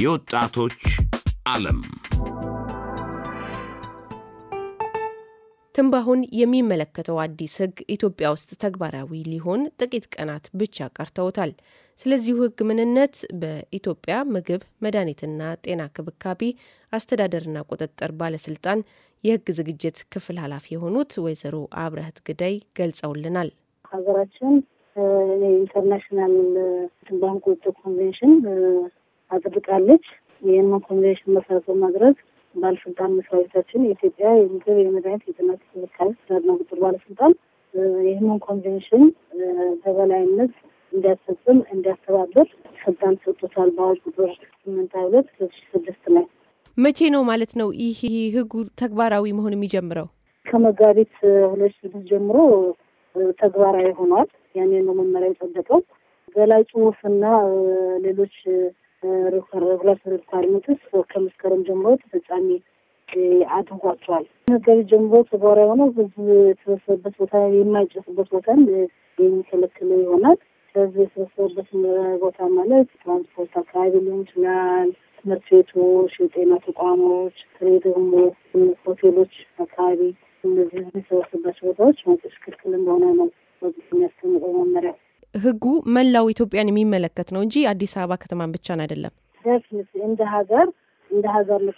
የወጣቶች ዓለም ትንባሆን የሚመለከተው አዲስ ሕግ ኢትዮጵያ ውስጥ ተግባራዊ ሊሆን ጥቂት ቀናት ብቻ ቀርተውታል። ስለዚሁ ሕግ ምንነት በኢትዮጵያ ምግብ መድኃኒትና ጤና ክብካቤ አስተዳደርና ቁጥጥር ባለስልጣን የሕግ ዝግጅት ክፍል ኃላፊ የሆኑት ወይዘሮ አብረህት ግዳይ ገልጸውልናል። ሀገራችን ኢንተርናሽናል ትንባሆን ቁጥጥር ኮንቬንሽን አጥብቃለች። ይህን ኮንቬንሽን መሰረት በማድረግ ባለስልጣን መስሪያ ቤታችን የኢትዮጵያ የምግብ የመድኃኒት የጥናት ክብካቤ ስራና ቁጥር ባለስልጣን ይህንን ኮንቬንሽን በበላይነት እንዲያስፈጽም እንዲያስተባብር ስልጣን ሰጥቶታል በአዋጅ ቁጥር ስምንት ሀያ ሁለት ሁለት ሺ ስድስት ላይ። መቼ ነው ማለት ነው ይህ ህጉ ተግባራዊ መሆን የሚጀምረው? ከመጋቢት ሁለት ሺ ስድስት ጀምሮ ተግባራዊ ሆኗል። ያኔ ነው መመሪያ የጸደቀው። ገላይ ጽሁፍና ሌሎች ረጉላ ሳልሞትስ ከመስከረም ጀምሮ ተፈጻሚ አድርጓቸዋል። ነገር ጀምሮ ተግባራዊ የሆነው ህዝብ የተሰበሰበበት ቦታ የማይጨስበት ቦታን የሚከለክለው ይሆናል። ስለዚህ የተሰበሰበበት ቦታ ማለት ትራንስፖርት አካባቢ ሊሆን ይችላል፣ ትምህርት ቤቶች፣ የጤና ተቋሞች፣ በተለይ ደግሞ ሆቴሎች አካባቢ እነዚህ ህዝብ ቦታዎች ማጨስ ክልክል እንደሆነ ነው የሚያስቀምጠው መመሪያ። ህጉ መላው ኢትዮጵያን የሚመለከት ነው እንጂ አዲስ አበባ ከተማን ብቻን አይደለም። እንደ ሀገር እንደ ሀገር ነው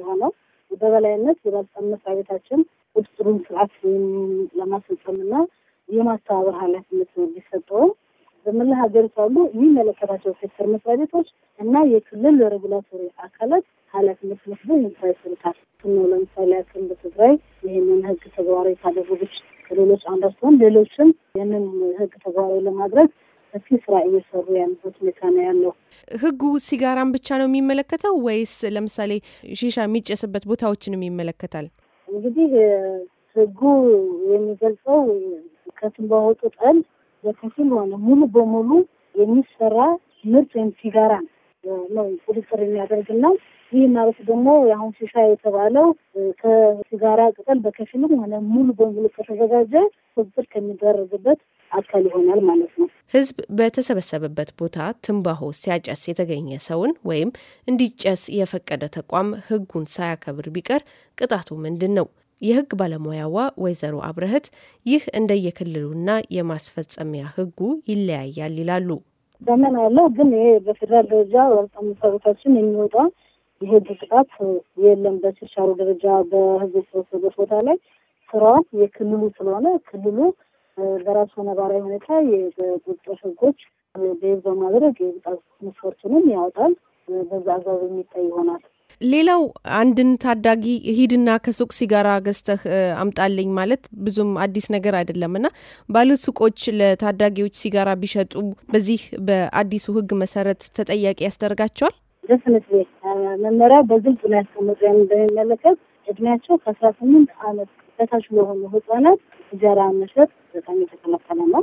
የሆነው በበላይነት የባለስልጣን መስሪያ ቤታችን ቁጥጥሩን ስርዓት ለማስፈጸምና የማስተባበር ኃላፊነት ቢሰጠውም በመላ ሀገሪቱ ያሉ የሚመለከታቸው ሴክተር መስሪያ ቤቶች እና የክልል ሬጉላቶሪ አካላት ኃላፊነት መስሎ ይንሳ ስልታል ነው። ለምሳሌ ያክል በትግራይ ይህንን ህግ ተግባራዊ ካደረጉች ሌሎች አንዷ ሲሆን ሌሎችም ይህንን ህግ ተግባራዊ ለማድረግ ሰፊ ስራ እየሰሩ ያሉበት ሁኔታ ነው ያለው። ህጉ ሲጋራን ብቻ ነው የሚመለከተው ወይስ ለምሳሌ ሺሻ የሚጨስበት ቦታዎችንም ይመለከታል? እንግዲህ ህጉ የሚገልጸው ከትንባሆ ጠል በከፊል ሆነ ሙሉ በሙሉ የሚሰራ ምርት ወይም ሲጋራ ነው። ነው ቁጥጥር የሚያደርግና ይህ ማለት ደግሞ የአሁን ሺሻ የተባለው ከሲጋራ ቅጠል በከፊልም ሆነ ሙሉ በሙሉ ከተዘጋጀ ቁጥጥር ከሚደረግበት አካል ይሆናል ማለት ነው። ህዝብ በተሰበሰበበት ቦታ ትንባሆ ሲያጨስ የተገኘ ሰውን ወይም እንዲጨስ የፈቀደ ተቋም ህጉን ሳያከብር ቢቀር ቅጣቱ ምንድን ነው? የህግ ባለሙያዋ ወይዘሮ አብረህት ይህ እንደየክልሉና የማስፈጸሚያ ህጉ ይለያያል ይላሉ። ዘመን ያለው ግን ይሄ በፌደራል ደረጃ ወረዳ መስሪያ የሚወጣው የህግ ቅጣት የለም። በችርቻሮ ደረጃ በህዝብ የተወሰደበት ቦታ ላይ ስራው የክልሉ ስለሆነ ክልሉ በራሱ ነባራዊ ሁኔታ የቁጥጥር ህጎች በማድረግ የቅጣት መስፈርቱንም ያወጣል። በዛ አግባብ የሚታይ ይሆናል። ሌላው አንድን ታዳጊ ሂድና ከሱቅ ሲጋራ ገዝተህ አምጣልኝ ማለት ብዙም አዲስ ነገር አይደለም እና ባሉት ሱቆች ለታዳጊዎች ሲጋራ ቢሸጡ በዚህ በአዲሱ ህግ መሰረት ተጠያቂ ያስደርጋቸዋል። ደፍንት መመሪያ በግልጽ ነው ያስቀመጠው። እንደሚመለከት እድሜያቸው ከአስራ ስምንት አመት በታች ለሆኑ ህጻናት ሲጋራ መሸጥ በጣም የተከለከለ ነው።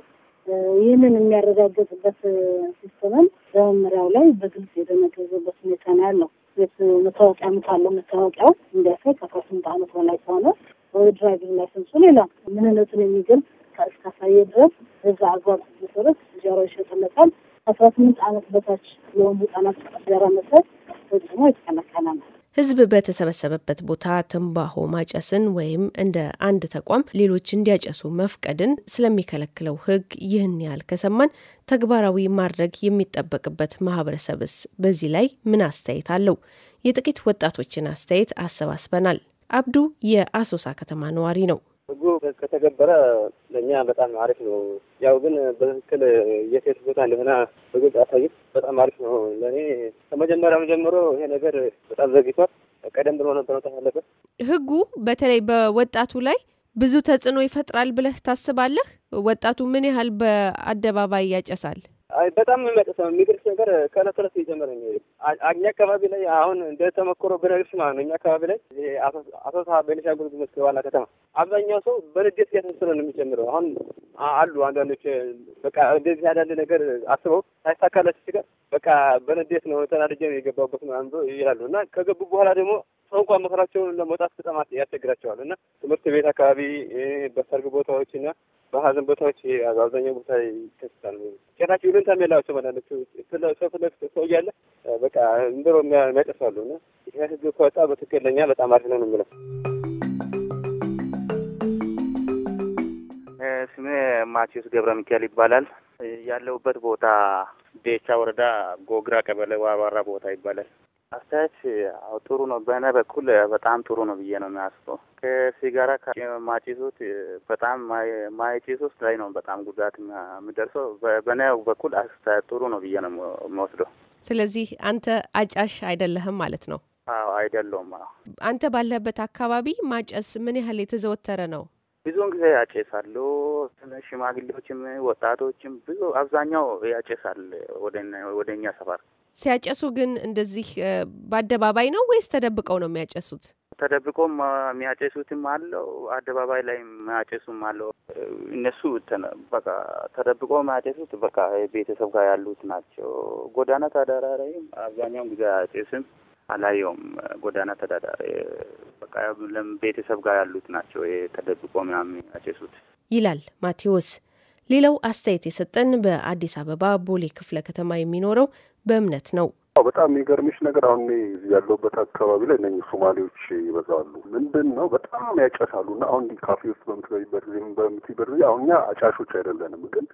ይህንን የሚያረጋግጥበት ሲስተምም በመመሪያው ላይ በግልጽ የደነገገበት ሁኔታ ነው ያለው። ቤት መታወቂያ ምታለው መታወቂያው እንዲያሳይ ከአስራ ስምንት አመት በላይ ከሆነ ወይ ድራይቪንግ ላይሰንሱ ሌላ ምንነቱን የሚገልጽ እስካሳየ ድረስ እዛ አግባብ መሰረት ሲጃራ ይሸጥለታል። ከአስራ ስምንት አመት በታች የሆኑ ህጻናት ሲጃራ መሰረት ደግሞ የተከለከለ ነው። ህዝብ በተሰበሰበበት ቦታ ትንባሆ ማጨስን ወይም እንደ አንድ ተቋም ሌሎች እንዲያጨሱ መፍቀድን ስለሚከለክለው ህግ ይህን ያህል ከሰማን ተግባራዊ ማድረግ የሚጠበቅበት ማህበረሰብስ በዚህ ላይ ምን አስተያየት አለው? የጥቂት ወጣቶችን አስተያየት አሰባስበናል። አብዱ የአሶሳ ከተማ ነዋሪ ነው። ህጉ ከተገበረ ለእኛ በጣም አሪፍ ነው። ያው ግን በትክክል የሴት ቦታ እንደሆነ በግልጽ ያሳይት በጣም አሪፍ ነው። ለእኔ ከመጀመሪያው ጀምሮ ይሄ ነገር በጣም ዘግቷል። ቀደም ብሎ ነበር መውጣት አለበት። ህጉ በተለይ በወጣቱ ላይ ብዙ ተጽዕኖ ይፈጥራል ብለህ ታስባለህ? ወጣቱ ምን ያህል በአደባባይ ያጨሳል? በጣም የሚመጥስ ነው። የሚገርስ ነገር ከእለት እለት እየጨመረ ነው። እኛ አካባቢ ላይ አሁን እንደተሞክሮ ብነግርሽ ማለት ነው። እኛ አካባቢ ላይ አሶሳ፣ ቤኒሻንጉል ጉሙዝ ዋና ከተማ አብዛኛው ሰው በንዴት እያስመስለ ነው የሚጨምረው። አሁን አሉ አንዳንዶች በቃ እንደዚህ ያዳለ ነገር አስበው ሳይሳካላቸው ሲቀር በቃ በንዴት ነው ተናድጄ ነው የገባበት ምናምን ብሎ ይላሉ እና ከገቡ በኋላ ደግሞ ሰው እንኳን መከራቸውን ለመውጣት በጣም ያስቸግራቸዋል እና ትምህርት ቤት አካባቢ፣ በሰርግ ቦታዎች እና በሀዘን ቦታዎች አብዛኛው ቦታ ይከስታል። ጭራሽ ይሉንታ የሚላቸው መላለች ሰው ፍለግ ሰው እያለ በቃ እንድሮ የሚያጠፋሉ እና ይህ ህግ ከወጣ በትክክለኛ በጣም አሪፍ ነው የምለው ስሜ ማቴዎስ ገብረ ሚካኤል ይባላል። ያለሁበት ቦታ ዴቻ ወረዳ ጎግራ ቀበሌ ዋባራ ቦታ ይባላል። አስተያየት ጥሩ ነው። በእኔ በኩል በጣም ጥሩ ነው ብዬ ነው የሚያስበው። ከሲጋራ ማጭሱት በጣም ማይጭሱት ላይ ነው በጣም ጉዳት የሚደርሰው። በእኔ በኩል አስተያየት ጥሩ ነው ብዬ ነው የሚወስደው። ስለዚህ አንተ አጫሽ አይደለህም ማለት ነው? አዎ አይደለውም። አንተ ባለህበት አካባቢ ማጨስ ምን ያህል የተዘወተረ ነው? ብዙውን ጊዜ ያጨሳሉ። ሽማግሌዎችም ወጣቶችም ብዙ አብዛኛው ያጨሳል ወደ እኛ ሰፈር ሲያጨሱ ግን እንደዚህ በአደባባይ ነው ወይስ ተደብቀው ነው የሚያጨሱት? ተደብቆም የሚያጨሱትም አለው፣ አደባባይ ላይ የሚያጨሱም አለው። እነሱ በቃ ተደብቆ የሚያጨሱት በቃ ቤተሰብ ጋር ያሉት ናቸው። ጎዳና ተዳዳሪም አብዛኛውን ጊዜ አያጨስም፣ አላየውም። ጎዳና ተዳዳሪ በቃ ቤተሰብ ጋር ያሉት ናቸው ተደብቆ ምናምን የሚያጨሱት ይላል ማቴዎስ። ሌላው አስተያየት የሰጠን በአዲስ አበባ ቦሌ ክፍለ ከተማ የሚኖረው በእምነት ነው። በጣም የሚገርምሽ ነገር አሁን ያለውበት አካባቢ ላይ እነኝህ ሶማሌዎች ይበዛሉ። ምንድን ነው በጣም ያጨሳሉ እና አሁን ካፌ ውስጥ በምትበይበት ጊዜ በምትይበት ጊዜ አሁን እኛ አጫሾች አይደለንም፣ ግን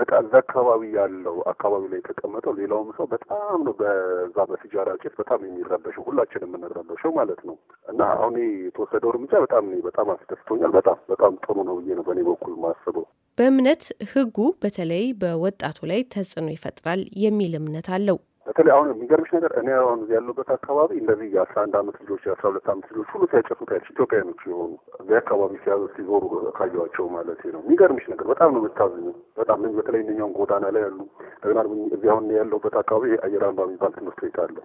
በጣም እዛ አካባቢ ያለው አካባቢ ላይ የተቀመጠው ሌላውም ሰው በጣም ነው በዛ በሲጃራ ጭስ በጣም የሚረበሸው ሁላችን የምንረበሸው ማለት ነው። እና አሁን የተወሰደው እርምጃ በጣም በጣም አስደስቶኛል። በጣም በጣም ጥሩ ነው ብዬ ነው በእኔ በኩል ማስበው። በእምነት ህጉ በተለይ በወጣቱ ላይ ተጽዕኖ ይፈጥራል የሚል እምነት አለው። በተለይ አሁን የሚገርምሽ ነገር እኔ አሁን ያለሁበት አካባቢ እንደዚህ የአስራ አንድ አመት ልጆች የአስራ ሁለት አመት ልጆች ሁሉ ሲያጨሱ ታያለሽ። ኢትዮጵያኖች የሆኑ እዚህ አካባቢ ሲያዙ ሲዞሩ ካየኋቸው ማለት ነው። የሚገርምሽ ነገር በጣም ነው የምታዝኙ። በጣም በተለይ እነኛውን ጎዳና ላይ ያሉ እንደገና እዚህ አሁን ያለሁበት አካባቢ አየር አምባ የሚባል ትምህርት ቤት አለ።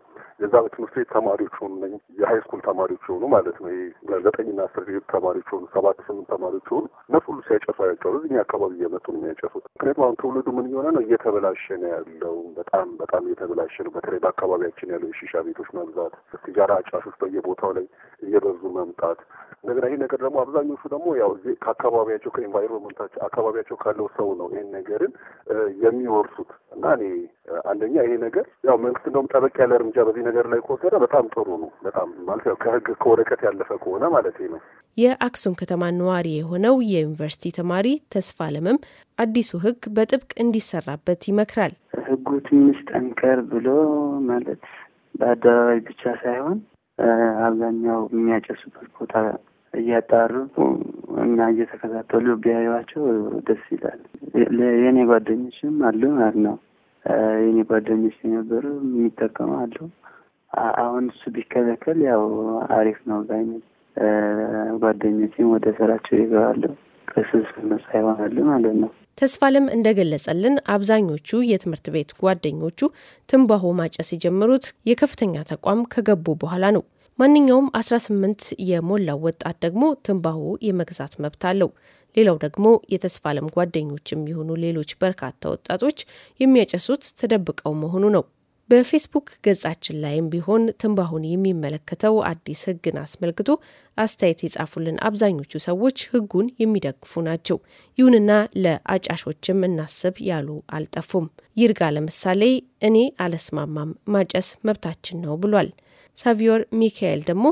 የዛ ትምህርት ቤት ተማሪዎች ሆኑ የሀይ ስኩል ተማሪዎች የሆኑ ማለት ነው ዘጠኝና አስር ቤት ተማሪዎች ሆኑ ሰባት ስምንት ተማሪዎች ሆኑ እነሱ ሁሉ ሲያጨፉ አያቸዋሉ። እዚህ አካባቢ እየመጡ ነው የሚያጨፉት። ምክንያቱም አሁን ትውልዱ ምን እየሆነ ነው? እየተበላሸ ነው ያለው። በጣም በጣም እየተበላሸ የሚችል በተለይ በአካባቢያችን ያሉ የሺሻ ቤቶች መብዛት፣ ሲጋራ አጫሾች በየቦታው ላይ እየበዙ መምጣት እንደገና ይህ ነገር ደግሞ አብዛኞቹ ደግሞ ያው እዚህ ከአካባቢያቸው ከኤንቫይሮንመንታቸው አካባቢያቸው ካለው ሰው ነው ይህን ነገርን የሚወርሱት እና እኔ አንደኛ ይሄ ነገር ያው መንግስት እንደውም ጠበቅ ያለ እርምጃ በዚህ ነገር ላይ ከወሰደ በጣም ጥሩ ነው። በጣም ማለት ያው ከህግ ከወረቀት ያለፈ ከሆነ ማለት ነው። የአክሱም ከተማ ነዋሪ የሆነው የዩኒቨርሲቲ ተማሪ ተስፋ ለምም አዲሱ ህግ በጥብቅ እንዲሰራበት ይመክራል። ህጉ ትንሽ ጠንከር ብሎ ማለት በአደባባይ ብቻ ሳይሆን አብዛኛው የሚያጨሱበት ቦታ እያጣሩ እና እየተከታተሉ ቢያዩቸው ደስ ይላል። የእኔ ጓደኞችም አሉ ማለት ነው። የእኔ ጓደኞች የነበሩ የሚጠቀሙ አሉ። አሁን እሱ ቢከለከል ያው አሪፍ ነው። በአይነት ጓደኞችም ወደ ስራቸው ይገባሉ። ቅስስነት ይሆናል ማለት ነው። ተስፋለም እንደገለጸልን አብዛኞቹ የትምህርት ቤት ጓደኞቹ ትንባሆ ማጨስ የጀመሩት የከፍተኛ ተቋም ከገቡ በኋላ ነው። ማንኛውም 18 የሞላው ወጣት ደግሞ ትንባሆ የመግዛት መብት አለው። ሌላው ደግሞ የተስፋለም ጓደኞች የሚሆኑ ሌሎች በርካታ ወጣቶች የሚያጨሱት ተደብቀው መሆኑ ነው። በፌስቡክ ገጻችን ላይም ቢሆን ትንባሆን የሚመለከተው አዲስ ህግን አስመልክቶ አስተያየት የጻፉልን አብዛኞቹ ሰዎች ህጉን የሚደግፉ ናቸው። ይሁንና ለአጫሾችም እናስብ ያሉ አልጠፉም። ይርጋ ለምሳሌ እኔ አለስማማም፣ ማጨስ መብታችን ነው ብሏል። ሳቪዮር ሚካኤል ደግሞ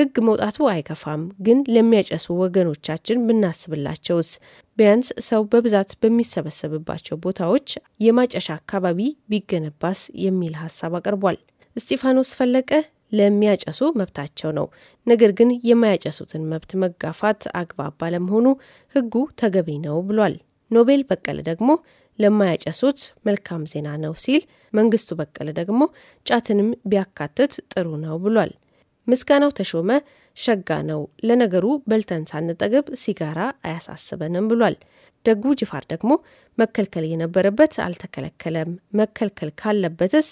ሕግ መውጣቱ አይከፋም፣ ግን ለሚያጨሱ ወገኖቻችን ብናስብላቸውስ? ቢያንስ ሰው በብዛት በሚሰበሰብባቸው ቦታዎች የማጨሻ አካባቢ ቢገነባስ የሚል ሀሳብ አቅርቧል። እስጢፋኖስ ፈለቀ ለሚያጨሱ መብታቸው ነው። ነገር ግን የማያጨሱትን መብት መጋፋት አግባብ ባለመሆኑ ህጉ ተገቢ ነው ብሏል። ኖቤል በቀለ ደግሞ ለማያጨሱት መልካም ዜና ነው ሲል፣ መንግስቱ በቀለ ደግሞ ጫትንም ቢያካትት ጥሩ ነው ብሏል። ምስጋናው ተሾመ ሸጋ ነው። ለነገሩ በልተን ሳንጠግብ ሲጋራ አያሳስበንም ብሏል። ደጉ ጅፋር ደግሞ መከልከል የነበረበት አልተከለከለም፣ መከልከል ካለበትስ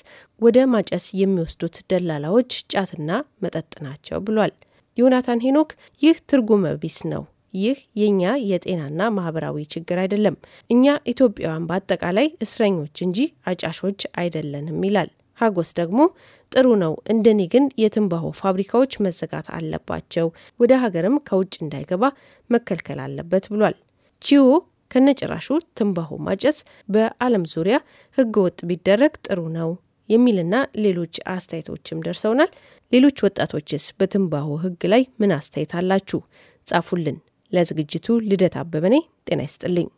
ወደ ማጨስ የሚወስዱት ደላላዎች ጫትና መጠጥ ናቸው ብሏል። ዮናታን ሄኖክ ይህ ትርጉመ ቢስ ነው። ይህ የእኛ የጤናና ማህበራዊ ችግር አይደለም። እኛ ኢትዮጵያውያን በአጠቃላይ እስረኞች እንጂ አጫሾች አይደለንም ይላል። ሀጎስ ደግሞ ጥሩ ነው፣ እንደኔ ግን የትንባሆ ፋብሪካዎች መዘጋት አለባቸው፣ ወደ ሀገርም ከውጭ እንዳይገባ መከልከል አለበት ብሏል። ቺዎ ከነጭራሹ ትንባሆ ማጨስ በዓለም ዙሪያ ህገ ወጥ ቢደረግ ጥሩ ነው የሚልና ሌሎች አስተያየቶችም ደርሰውናል። ሌሎች ወጣቶችስ በትንባሆ ህግ ላይ ምን አስተያየት አላችሁ? ጻፉልን። ለዝግጅቱ ልደት አበበ ነኝ። ጤና ይስጥልኝ።